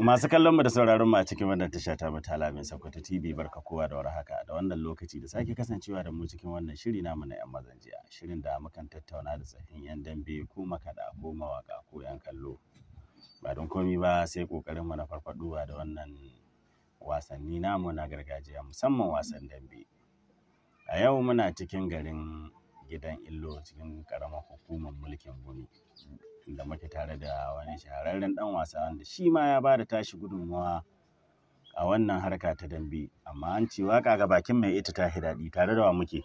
Masu kallon mu da sauraron mu a cikin wannan tasha ta mutala mai Sokoto TV barka kowa da warhaka da wannan lokaci da sake kasancewa da mu cikin wannan shiri namu na 'yan jiya. shirin da mukan tattauna da tsaffin 'yan dambe ko da ko mawaka ko 'yan kallo ba don komi ba sai kokarin mu na farfaɗowa da wannan wasanni namu na gargajiya musamman wasan dambe a yau muna cikin garin gidan illo cikin karamar hukumar mulkin gumi da muke tare da wani shahararren dan wasa wanda shi ma ya ba da tashi gudunmuwa a wannan harka ta dambe amma an ce waka ga bakin mai ita ta hidadi tare da wa muke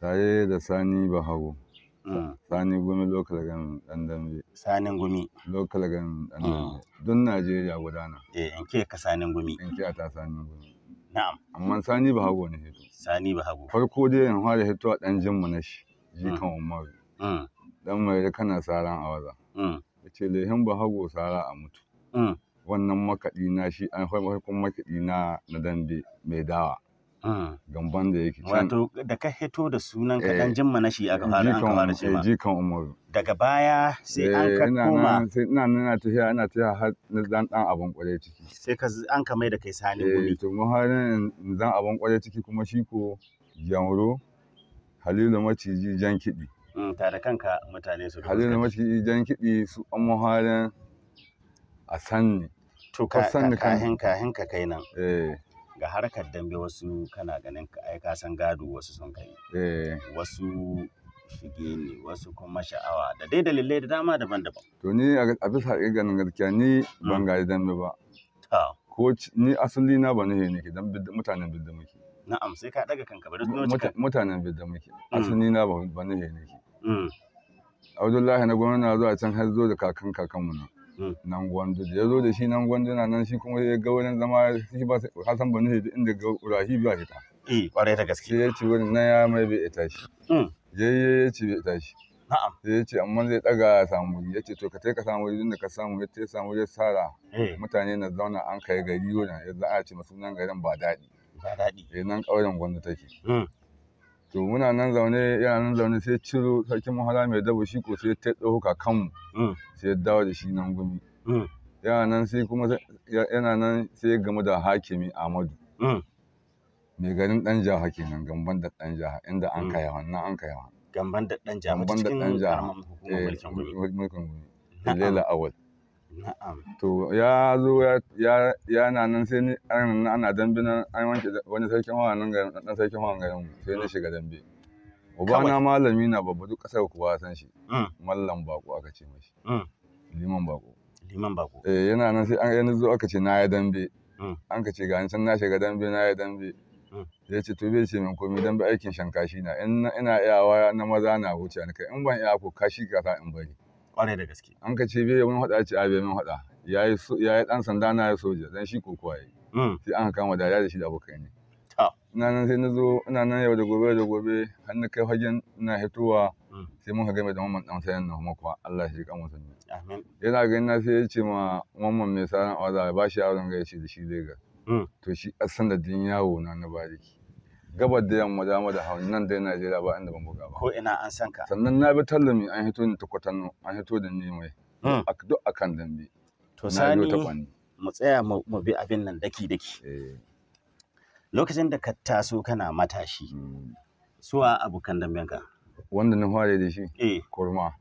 tare da sani bahago mm. sani gumi local gan dan dambe sanin gumi local gan dan dambe mm. don najeriya gudana eh in ke ka sanin gumi in ke ta sanin gumi na'am amma sani bahago ne hito sani bahago farko dai in fara hito a dan jinmu na shi jikan mm. umaru dan mai kana saran awaza Mm. ya ce lehen ba hago sara a mutu mm. wannan makaɗi na shi an farkon makaɗi na na dambe mai dawa mm. gamban da yake wato da ka hito da sunan ka dan eh, jimma na shi aka fara aka shi ma. Eh, jikan umaru daga baya sai eh, an ka koma sai ina nuna ina tafiya ina tafiya har na zan dan abin kware ciki sai ka an ka mai da kai sani gumi to mu har zan abin kware ciki kuma shi ko jamro halilu maciji jan kiɗi Mm, tare kanka mutane su hajjin mace idan kiɗi su an muhalin a sanni to ka kahin kahin ka kai nan eh. ga harkar dambe wasu kana ganin ai ka san gado wasu sun kai eh. wasu shige ne wasu kuma sha'awa da dai dalilai da dama daban-daban to ni a bisa ganin gaskiya ni mm. ban gaji dambe ba ko ni asali na ba ne nake dan mutanen bidda muke na'am sai ka daga kanka bari mutanen bidda muke mm. asali na ba ne nake Mm. Abdullahi na gwamnati na zuwa can har zo da kakan kakanmu na. Mm. Nan gwandu da ya zo da shi nan gwandu na nan shi kuma ya ga wurin zama shi ba Hassan Banu ne inda ga Rahi ba fita. Eh kwarai ta gaske. Sai ya ce wurin nan ya mai bai ita shi. Ya ya ce bai ita shi. Na'am. Sai ya ce amma zai daga ya samu ya ce to ka tai ka samu din da ka samu ya tai samu ya sara. Eh. Mutane na zauna an kai gari wurin ya za a ce masu nan garin ba daɗi. Ba daɗi. sai eh, nan ƙauyen gwandu take. to muna nan zaune yana nan zaune sai ciro sarkin mahala mai dabo shi ko sai ta ɗauka kanmu mm. sai dawo da shi nan gumi mm. yana nan sai kuma yana nan sai game da hakimi amadu mm. mai garin dan jaha kenan gamban da dan jaha inda an kai wannan an kai gamban da dan jaha gamban da dan jaha eh, mulkin gumi lela awal Na'am. To ya zo ya yana nan sai ni ana dambe nan an wanke wani sarkin hawa nan garin dan sarkin hawa garin sai na shiga dambe. Ubana malami na babba duk kasar kuwa san shi. Mm. Mallam bako aka ce mashi. Mm. Liman bako. Liman bako. Eh yana nan sai an yana zo aka ce na ya dambe. Mm. An ka ce ga ni san na shiga dambe na ya dambe. Ya ce to bai ce min komai dambe aikin shankashi na ina iyawa na maza na wuce ni kai in ban iya ko kashi ka in bari. kwarai da gaske an ka ce bai mun hada ce a bai mun hada yayi yayi dan sanda na ya soja dan shi kokowa yi. Mm. sai an kama da ya shi da abokai ne ina nan sai na zo ina nan yau da gobe da gobe har na kai fagen ina hitowa mm. sai mun game da mamman dan sayan nan kuma Allah shi kan musulmi amin yana gani na sai ya ce ma mamman mai a awaza ba shi yaron ga ya ce da shi Lagos mm. to shi asan da din yawo na na bariki gabar da yamma dama da hawan nan dai Najeriya ba inda ban buga ba. Ko ina an san ka. Sannan na bi tallami an hito ni ta kwatano an hito da ni mai. Hmm. Duk a kan dambe. To sani mu tsaya mu bi abin nan daki daki. Eh. Lokacin da ka taso kana matashi. Hmm. Suwa abokan damben ka. Wanda na fara da shi. Eh. Kurma.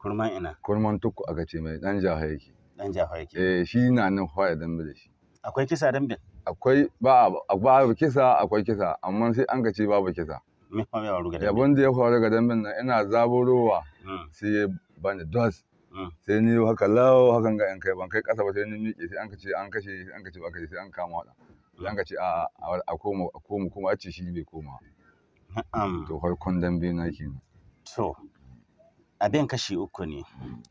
Kurma ina. Kurman tukku aka ce mai dan jaha yake. Dan jaha yake. Eh shi na nan fara dambe da shi. Akwai kisa damben? akwai ba babu kisa akwai kisa amma sai an ka ce babu kisa yabon da ya faru ga dambin nan ina zaburowa hmm. sai ya bani dos hmm. sai ni haka lawo hakan ga yan kai ban kai kasa ba sai ni miƙe sai an ka ce an kashe an ka ce ba kashe sai an kama wada sai an ka ce a koma a koma kuma a ce shi bai koma to farkon dambe na kenan to abin kashi uku ne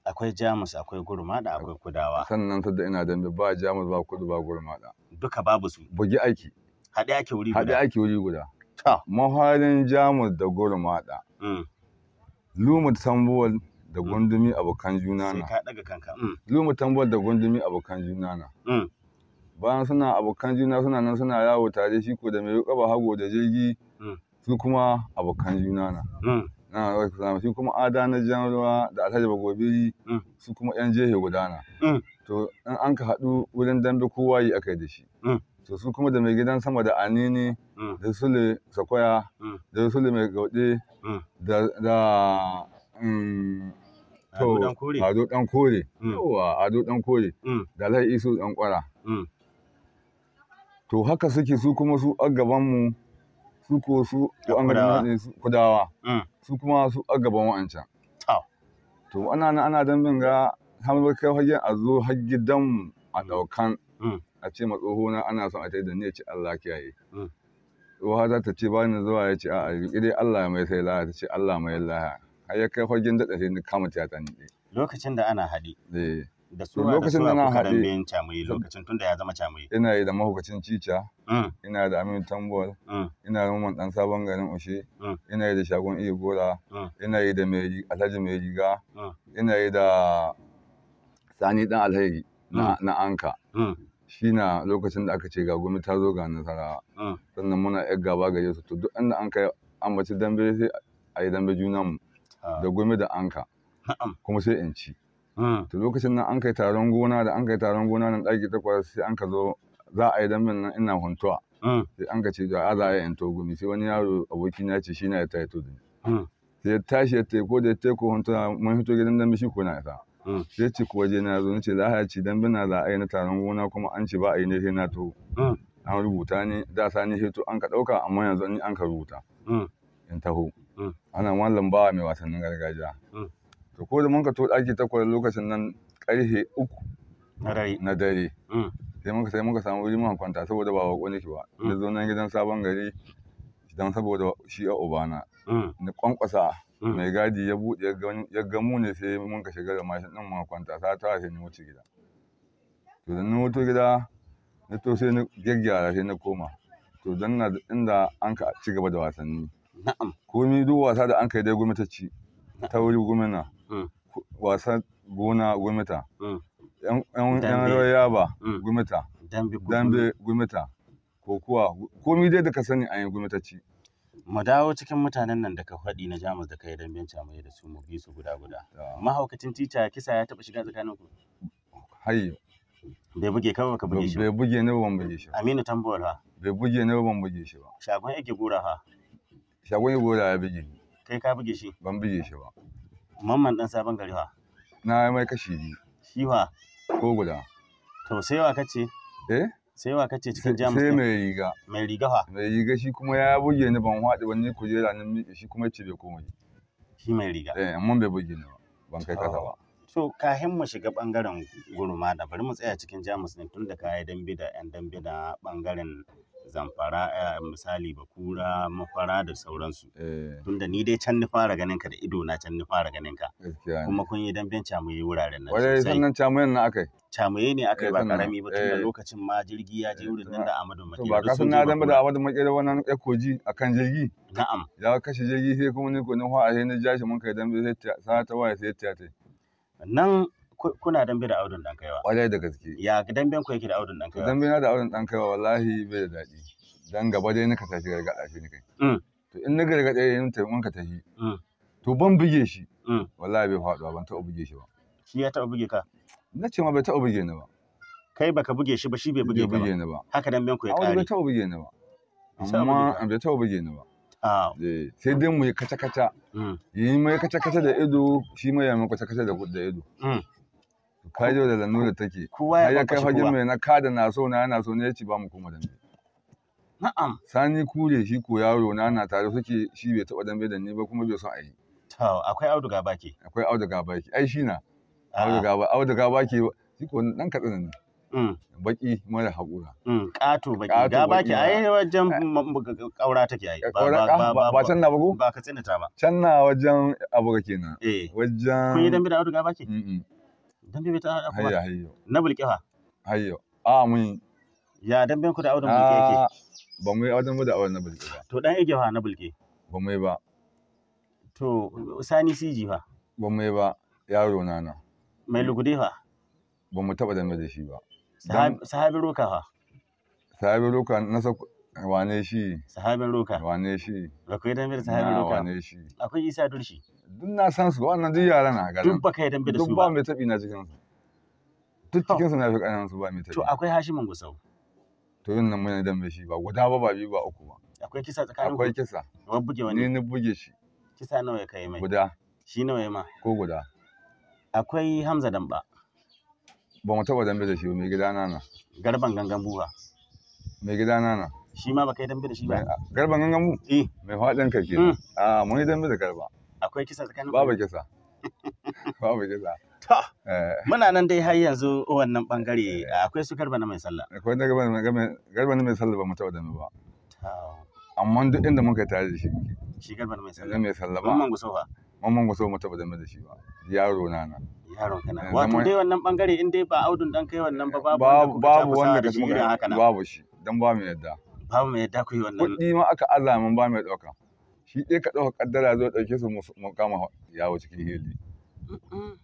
akwai jamus akwai gurmada akwai kudawa sannan sadda ina dambe ba jamus ba kudu ba gurmada duka babu su bugi aiki haɗe aiki wuri guda haɗe aiki wuri guda ta maharin jamus da goro Mata. lumu tambuwal da gundumi abokan juna na sai ka daga kanka lumu tambuwal da gundumi abokan juna na bayan suna abokan juna suna nan suna yawo tare shi ko da mai kaba hago da jirgi mm. su kuma abokan juna na mm. na shi kuma ada na jan ruwa da alhaji bagobiri mm. su kuma yan jehe gudana to in an ka haɗu wurin dambe kowa yi aka yi da shi mm. to su kuma da mai gidan sama da anini mm. da sule sakwaya mm. da sule mai gauɗe da to ado dan kore yawa ado dan kore da lai isu dan kwara to haka suke su kuma su a gaban mu su ko su an su kudawa su kuma su a gaban wa'ancan to ana ana dambin ga har kai fagen a zo har gidanmu a ɗaukan mm. a ce ma tsohona ana son a ta yi da ni ya ce Allah kiyaye tsoha mm. za ta ce ba ni zuwa ya ce a'a riƙi dai Allah mai sai laha ta ce Allah mai laha har ya kai fagen daɗa sai ni kama tiyata ni lokacin da ana haɗe eh. da su lokacin da na haɗe bayan camayi lokacin da ya zama camayi ina yi da mahaukacin cica mm. ina da amin tambol ina da mamman ɗan sabon garin ushe ina yi da shagon iya ina yi da alhaji mai riga ina yi da sani dan alhaji na mm. anka mm. shi na lokacin da aka ce ga gumi ta zo ga nasara. Mm. sannan muna yar gaba gare su to duk inda an kai ambaci dambe sai a yi dambe junan mu ah. da gumi da anka kuma sai in ci to lokacin nan an kai taron gona da an kai taron gona nan ɗaki takwas sai an ka zo za a yi dambe nan ina huntuwa sai an ka ce a za a yi to gumi sai wani yaro aboki na ce shi na ya taito da ni sai ya tashi ya ko da ya ko huntuwa mun hito gidan dambe shi ko na ya sa Mm. sai ce kuwa je na zo ce za a ci dan bina za a yi na taron gona kuma an ci ba a yi na sai na to mm. an rubuta ni da sa an ka ɗauka amma yanzu an ka rubuta mm. in taho ana mallam ba mai wasannin gargajiya to ko da mun ka to daki takwas lokacin nan karfe uku na dare sai muka sai muka samu wuri kwanta saboda ba wako nake ba na zo nan gidan sabon gari dan saboda shi a ubana na kwankwasa Mm. mai gadi ya buɗe ya ga mu ne sai mun ka shiga da mashin din mun kwanta sa ta sai ni wuce gida to dan ni wuce gida na to sai ni gyaggyara sai na koma to dan na inda an ka ci gaba da wasanni na'am komi duk wasa da an kai dai gwamnati ta wuri gwamna mm. wasan gona gwamnati mm. yan roya ba gwamnati dambe gwamnati ko kuwa komi dai da ka sani an yi gwamnati mu dawo cikin mutanen nan da ka faɗi na jamus da kai don benca mai da su mu bi su guda guda mahaukacin tita kisa ya taɓa shiga tsakanin ku hayi bai buge ka ka buge shi bai buge ne ban buge shi aminu tambuwar ha bai buge ne ban buge shi ba shagon yake gora ha shagon yake gora ya buge ni kai ka buge shi ban buge shi ba mamman dan sabon gari ha na mai kashi biyu shi ha ko guda to sai wa kace eh sai wa kace cikin jamus sai mai riga mai riga fa mai riga shi kuma ya buge ni ban ban ni kujera nan miƙe shi kuma yace bai komai shi mai riga eh amma bai buge ni ban kai kasa ba so kahin mu shiga bangaren guruma da bari mu tsaya cikin jamus ne tun da kayi dambe da yan dambe da bangaren zamfara eh, misali bakura mafara da sauransu eh. tunda ni dai can ni fara ganin ka da ido na can ni fara ganin ka kuma kun yi damben camaye wuraren nan sosai sannan camayen nan akai camaye ne akai ba eh, karami ba da lokacin ma jirgi ya je wurin nan da Ahmadu Makeri ba kasan na zama da Ahmadu Makeri wannan ekoji akan jirgi na'am ya kashe jirgi sai kuma ni ko ni fa a sai na jashi mun kai dambe sai ta sa ta waya sai ta ta nan kuna dambe da audun dan kaiwa wallahi da gaske ya damben ku yake da audun dan kaiwa dambe na da audun dan kaiwa wallahi bai da daɗi dan gaba dai nika tashi gargaɗa shi ni kai mm. to in na gargaɗa ya yin in ka tashi mm. to ban buge shi mm. wallahi bai faɗuwa ban taɓa buge shi ba shi ya taɓa buge ka na ce ma bai taɓa buge ni ba kai baka buge shi ba shi bai buge ka ba haka damben ku ya ƙare bai taɓa buge ni ba amma bai taɓa buge ni ba sai dai mu yi kaca-kaca yi mai kaca-kaca da ido shi mai yamin kaca-kaca da ido ka da lannu da take kowa ya kai fagen mai na kada na so na yana so ne ya ci ba mu koma dambe na'am sani kure shi ko yaro na na tare suke shi bai taba dambe da ni ba kuma bai son a yi to akwai auduga baki akwai auduga baki ai shi na ah. auduga ba auduga baki shi ko dan katsina ne mm. baki mara haƙura. Mm, ƙato baki, ga baki a yi wajen eh. ƙaura take a yi. Ah, ba can na ba ko? Ba ka tsinita ba. Can na wajen abuka kenan. Eh. Wajen. Kun yi dambe da auduga baki? dambe bai ta hayya hayyo na bulke fa hayyo a mun ya damben ku da auren bulke yake ba mu yi auren mu da auren na bulke to dan ige fa na bulke ba mu yi ba to sani siji fa ba mu yi ba yaro na na mai lugude fa ba mu taba dambe da shi ba sahabin roka fa sahabin roka na wane shi sahabin roka wane shi akwai dambe da sahabin roka wane shi akwai isa durshi duk na san su wannan duk yara na garin duk baka yadda da su ba mai tabi na cikin su duk cikin su na fi kanan su ba mai tabi to akwai Hashimin Gusau to yin nan mai dambe shi ba guda ba ba biyu ba uku ba akwai kisa tsakanin akwai kisa wani buge wani ni buge shi kisa nawa ya kai mai guda shi nawa ya ma ko guda akwai Hamza Damba ba mu taba dambe da shi ba mai gida nana garban gangan buwa mai gida nana shi ma baka yi dambe da shi ba garban gangan bu eh mai faɗin kake mm. a mun yi dambe da garba akwai kisa tsakanin babu kisa babu kisa to eh. muna nan dai har yanzu wannan bangare eh. akwai su garba na mai sallah akwai da garba na garba na mai sallah ba mutawa taɓa mu ba amma duk inda muka tare da shi shi garba na mai sallah mai sallah ba mamman gusofa mun gusofa mu taɓa da da shi ba yaro na na yaro eh, kana wato dai wannan bangare in dai ba audun dan kai wannan ba babu babu wanda ka shi babu shi dan ba mu yadda babu mu yadda ku yi wannan kuɗi ma aka Allah mun ba mu ɗauka shi ɗaya ka ɗauka kaddara zo ɗauke su mu kama yawo cikin hili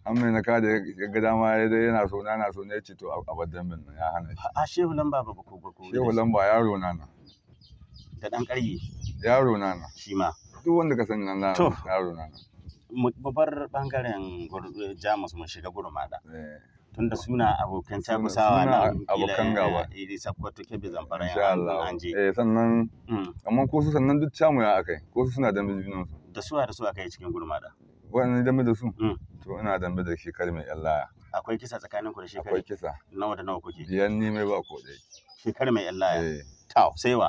amma na ka da ya ga dama ya dai yana so nana so ne ce to a badan min ya hana shi a shehu lamba ba ko ba shehu lamba yaro nana. da dan ƙarye yaro nana. shi ma duk wanda ka sani nan yaro nana. babbar bangaren eh, jamus mu shiga gurmada eh. tunda suna abokan takusawa na abokan gaba eh sakkwato kebe zamfara ya an je eh sannan mm. amma ko su sannan duk camu ya akai ko su suna dambe jinin su da suwa da suwa kai cikin gurma da. wannan dambe da su mm. to ina dambe da shi kalmar Allah akwai kisa tsakanin ku da shekara akwai kisa nawa da nawa kuke yan ne mai ba ko dai shi mai Allah eh taw sai wa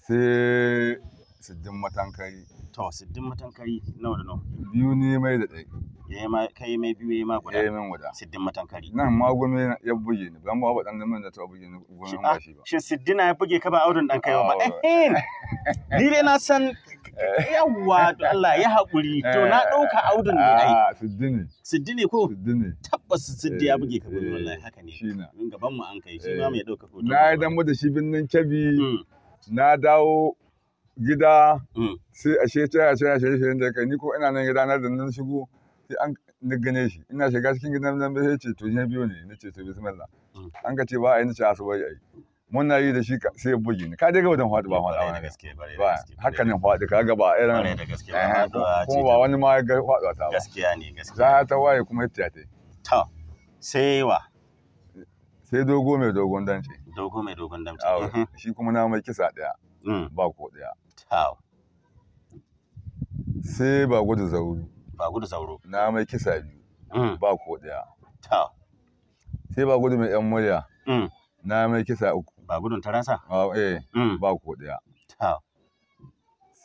sai sidin matankari to sittin matankari nawa da nawa biyu ne mai da ɗai ya mai kai mai biyu ya ma guda ya mai guda Sittin matankari nan ma ya buge ni ban ba dan nan da ta buge ni gwamnati ba ah, shi ba shin sittina ya buge ka ba audun dan kai ba eh, eh. ni dai na san yawwa to Allah ya haƙuri to na eh. ɗauka audun ne ai siddi ne siddi ne ko siddi ne tabbas siddi ya buge ka gudu eh, wallahi haka ne shine gaban mu an kai shi ma mai ɗauka hoto na dan mu da shi binnin kabi hmm. na dawo gida mm. sai a she ta ce shi shi da kai ni ko ina nan gida na da nan shigo sai an ni shi ina shiga cikin gidan nan sai ce to ne biyo ne ce to bismillah mm. an ka ce ba ai ce asuba ai na yi da shi sai bugi ne ka dai ga wajen faɗi ba faɗa gaske ba haka ne faɗi ka ga ba irin kuma eh, ba wani ma ga faɗuwa ta ba gaskiya ne gaskiya za ta waye kuma yadda ta ta sai wa sai dogo mai dogon damce dogo mai dogon damce mm-hmm. shi kuma na mai kisa daya mm. ba ko ɗaya Aw. Sai ba gudu zauro. Ba gudu zauro. Na mai kisa biyu. Mm. Ba ko ɗaya. Ta. Sai ba gudu mai ƴan murya. Mm. Na mai kisa uku. Ba gudun tarasa? Ba eh. Mm. Ba ko ɗaya. Ta.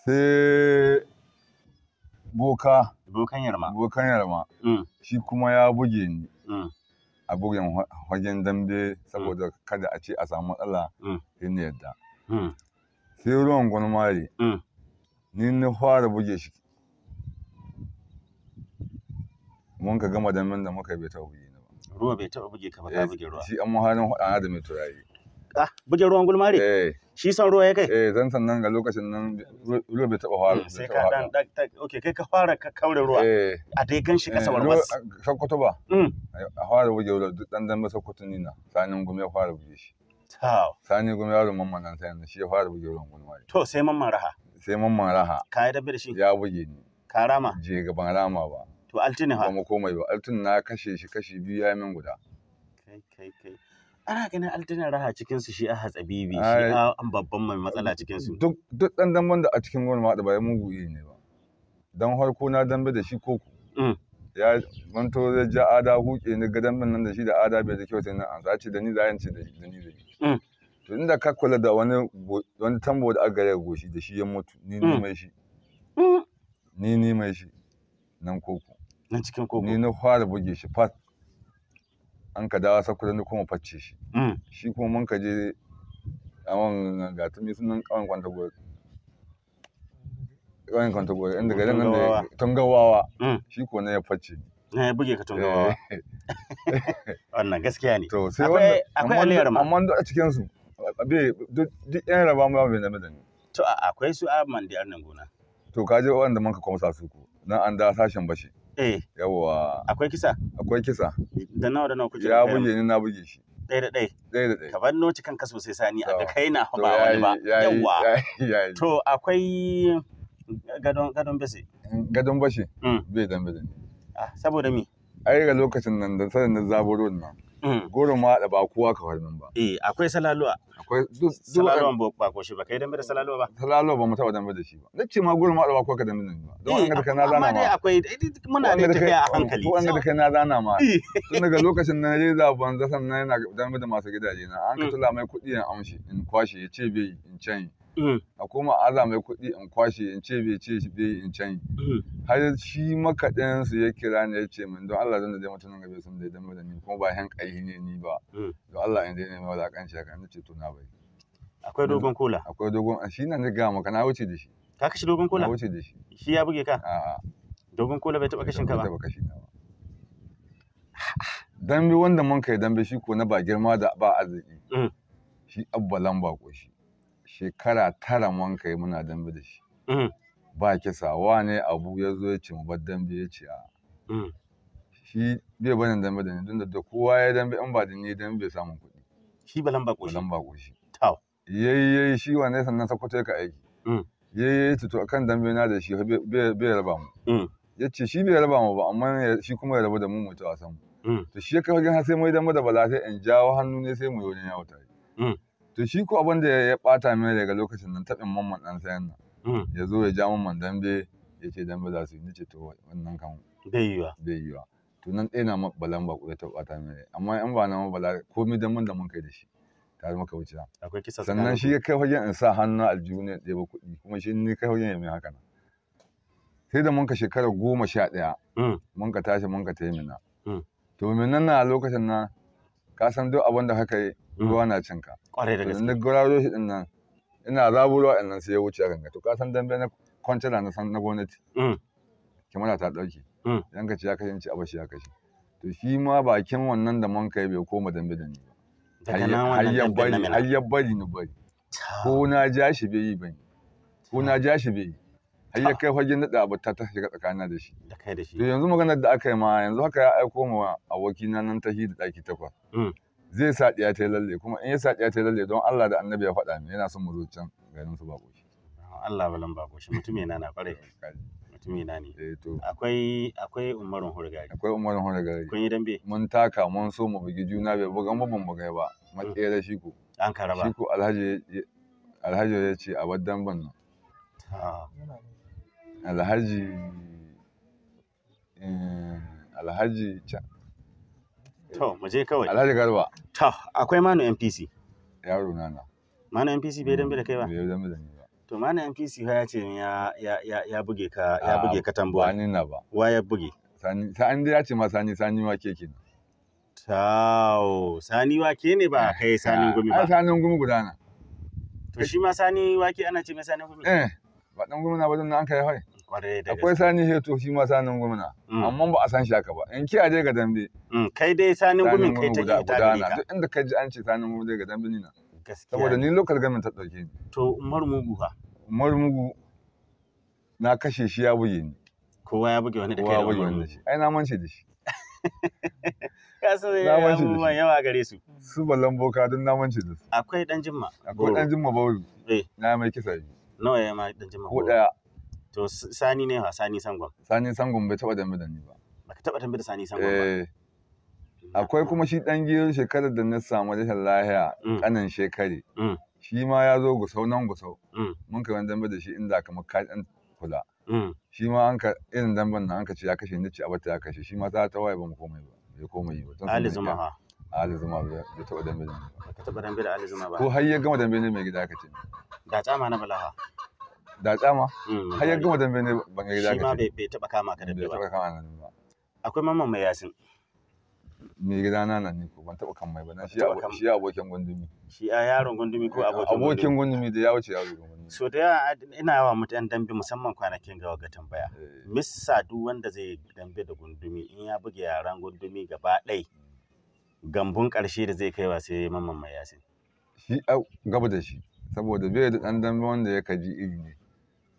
Sai boka. Bokan yarma. Bokan yarma. Shi kuma ya buge ni. A bugen hagen dambe saboda kada a ce a samu matsala in yadda. sai ruwan gwanmari mm. ni na fara buge shi mun ka gama damin da muka bai taɓa buge ni ba ruwa bai taɓa buge ka ba ka eh, buge ruwa shi an muharin faɗa da mai turaye. ah buge ruwan gulmari eh shi san ruwa ya kai eh zan san nan ga lokacin nan ruwa bai taɓa fara mm, sai ka dan okay kai ka fara ka kaure ruwa eh. a dai gan shi kasa eh, warwas sakkwato ba mm. a fara buge ruwa dan dan sakkwato ni nina sanin gumi ya fara buge shi sani gumi yaron mamman nan sai shi ya fara buge ruwan gulma to sai mamman raha sai mamman raha ka yi dabbe da shi ya buge ni ka rama je ga ban rama ba to altini ha ba mu komai ba Altin na kashe shi kashi biyu ya min guda kai kai kai ana ganin altinin raha cikin su shi a hatsabibi shi a babban mai matsala cikin su duk duk dan damban da a cikin gulma da bai mugu ne ba dan harko na dambe da shi koko mm. ya manto zai ja ada huke ni gadon min nan da shi da ada bai da kyau sai nan an ce da ni za ce da ni da ni mm. to inda ka kula da wani wani tambo da aka ya goshi da shi ya mutu ni ni mm. mai shi mm. ni ni mai shi nan koko nan cikin koko ni na fara buge shi fat an ka dawo sakuta ni kuma facce shi shi kuma mun ka je a man ga tumi sunan kawan kwanta gobe wani kwantagora inda ga nan da tungawawa mm. shi ko ne ya fice na ya buge ka tungawawa eh. wannan gaskiya ne to sai wanda akwai aliyar ma amma duk a cikin su abe duk yan raba mu ba ne da ni to akwai su a man da nan gona to ka je wanda man ka kwamsa su ku nan an da sashen bashi eh yawa akwai kisa akwai kisa da nawa da nawa kuje ya buge ni na buge shi ɗaya da ɗaya. Ɗaya da ɗaya. Ka banno noci kanka sosai sani a ga kai na ba wani ba. Yawwa. To akwai gadon gadon bese gadon bashe mm. bai dan bese ah saboda me ai ga lokacin nan da sanin da zaburo nan mm. goron ma da ba kowa ka nan ba eh akwai salaluwa akwai salaluwan ba ko shi ba kai dambe da salaluwa ba salaluwa ba mu taba dambe da shi ba nace ma goron ma da ba kowa ka dambe da ba don eh, an ga kai na zana ma amma dai akwai muna ne tafiya a hankali ko an ga kai na zana ma tun daga lokacin nan yayi ban zasan nan yana dambe da masu gidaje na an ka mm. tula mai kuɗi an amshi in kwashe ya ce bai in can Mm. a koma aza mai kuɗi in kwashe in ce bai ce shi bai in canyi mm. har shi makaɗin su ya kira ni ya ce min don Allah zan da dai mutum gabe sun da dama da ni kuma ba hen ƙaihi ne ni ba mm. don Allah in dai ne ma da kanci haka ni ce to na bai akwai dogon kola akwai dogon shi na ni ga maka na wuce da shi ka kashi dogon kola na wuce da shi shi ya buge ka a dogon kola bai taba kashin ka ba bai taba kashin ka ba dambe wanda mun kai dambe shi ko na ba girma da ba arziki shi abbalan ba ko shi shekara tara mun yi muna dambe da shi mm. ba kisa wane abu ya zo ya ce mu bar dambe ya ce a mm. shi bai barin dambe da ni don da kowa ya dambe in ba da ni dambe bai samun kuɗi shi balan ba ƙoshi balan ba ƙoshi taw yayi shi wane sannan sakwato ka aiki mm. yayye tuto akan dambe na da shi bai raba mu ya ce shi bai raba mu ba amma shi kuma ya raba da mu mu a samu. mu to shi ya kawo gan sai mu dambe da bala sai in jawo hannu ne sai mu yi wajen yawo tare to shi ko abin da ya bata mai daga lokacin nan taɓin mamman ɗan sayan nan hmm. ya zo ya ja mamman dambe ya ce dambe za su yi nace to wannan kan bai yiwa bai yiwa to nan ɗaya na balan ba ya ta bata mai amma in ba na bala komai damben da mun kai da shi ta zama ka wuce akwai kisa sannan shi ya kai wajen in sa hannu aljihu ne ɗaya kuɗi kuma shi ni kai wajen ya mai haka nan sai da mun ka shekara goma sha ɗaya hmm. mun ka tashi mun ka taimina hmm. to minan na lokacin nan ka san duk abin da haka yi mm. ruwa na cin ka kwarai da gaske duk guraro shi din nan ina zaburuwa in nan sai ya wuce a ganga to ka san dambe na kwantara na san na gwamnati mm. kimana ta dauke yan mm. ka ci ya kashe ci abashi ya kashe to shi ma bakin wannan da man kai bai koma dambe da ni ba har ya bari bari ni bari ko na ja shi bai yi bane ko na ja shi bai yi har ya ah. kai fagen nada abu ta ta shiga tsakanina da shi da kai da shi to yanzu maganar da aka yi ma yanzu haka ya aiko ma aboki na nan tahi da daki takwas mm. zai sa diya ta lalle kuma in ya sa diya ta lalle don Allah da Annabi ya faɗa min yana son mu zo can ganin su bako shi ah, Allah balan bako shi mutum yana na kware mutum yana ne eh to akwai akwai umarun hurgari akwai umarun hurgari kun yi dambe mun taka mun so mu bugi juna bai buga mu ban bugai ba matsayar shi ko an karaba shi ko alhaji alhaji ya ce a waddan ban nan Alhaji, eh, Alhaji Ca. To, mu je kawai. Alhaji Garba. To, akwai Manu MPC. Yaro na na. Manu MPC bai dambe da kai ba? Bai dambe da ni ba. To, Manu MPC ya ce ya ya ya buge ka ya ah, buge ka tambuwa. Ba ni na ba. Wa ya buge? Sani, an ya ce ma sani sani wa ke kenan. tao sani wake ne ba ah, kai sani gumi ba. sani sanin gumi guda na. To shi ma sani wake ana ce mai sani gumi. Eh, ba dan gumi na ba dan an kai hoi. akwai sani heto shi ma sanin gwamna mm. amma ba a san shi haka ba in ki aje ga dambe mm, kai dai sanin gwamna kai take ta guda duk inda ka ji an ce sanin gwamna dai ga dambe ni na saboda ni local government ta dauke ni to Umar Mugu ha Umar Mugu na kashe shi ya buge ni kowa ya buge wani da kai da Umar Mugu ai na mance da shi kasu abubuwan yawa gare su. Su ballon boka don mance da su. Akwai dan jimma. Akwai dan jimma bauru. Eh. Na mai kisa yi. Nawa ya ma dan jimma bauru? Ko ɗaya. to sani ne wa sani sangon sani sangon bai taba dambe da ni ba baka taba dambe da sani sangon ba eh. akwai kuma shi dan gidan shekarar da na samu rashin lahiya kanan mm. shekari mm. shi ma ya zo gusau nan gusau mm. mun kai wani dambe da shi inda kamar ka dan kula shi ma an ka irin damben nan an ka ce ya kashe ni ce bata ya kashe shi ma ta ta waye ba mu komai ba bai komai ba Ali Zuma ha Ali Zuma bai taɓa dambe da ba ka taɓa dambe da Ali Zuma ba ko har ya gama dambe ne mai gida ka ce da tsama na balaha da tsama mm, har ya gama dambe ne mm. ban ga shi ma bai taba kama ka dambe ba taba kama nan ba akwai mamman mai yasin mai gida na nan ne ko ban taba kan mai ba na shi shi abokin gundumi shi a yaron gundumi ko eh, abokin gundumi. abokin gundumi da ya wuce yaro gundumi so da yawa ina yawa mutan dambe musamman kwanakin gawa ga tambaya eh. missa duk wanda zai dambe da gundumi in ya buge yaran gundumi gaba ɗai gambun ƙarshe da zai kaiwa sai mamman mai yasin shi gaba da shi saboda bai da ɗan dambe wanda ya kaji iri ne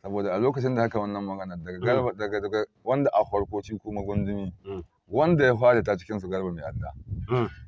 saboda a lokacin da haka wannan magana daga mm. garba daga daga wanda a farko ci kuma gundumi mm. wanda ya fara ta cikin su garba mai adda mm.